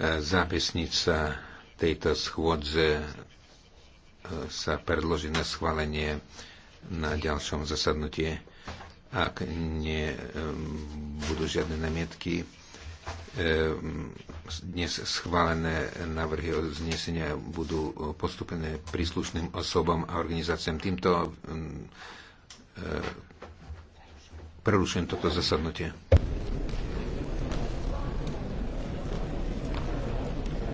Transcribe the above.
Zápisnica tejto schôdze e, sa predloží na schválenie na ďalšom zasadnutí. Ak nie e, budú žiadne namietky, e, dnes schválené návrhy od znesenia budú postupené príslušným osobom a organizáciám. Týmto prerušujem toto zasadnutie.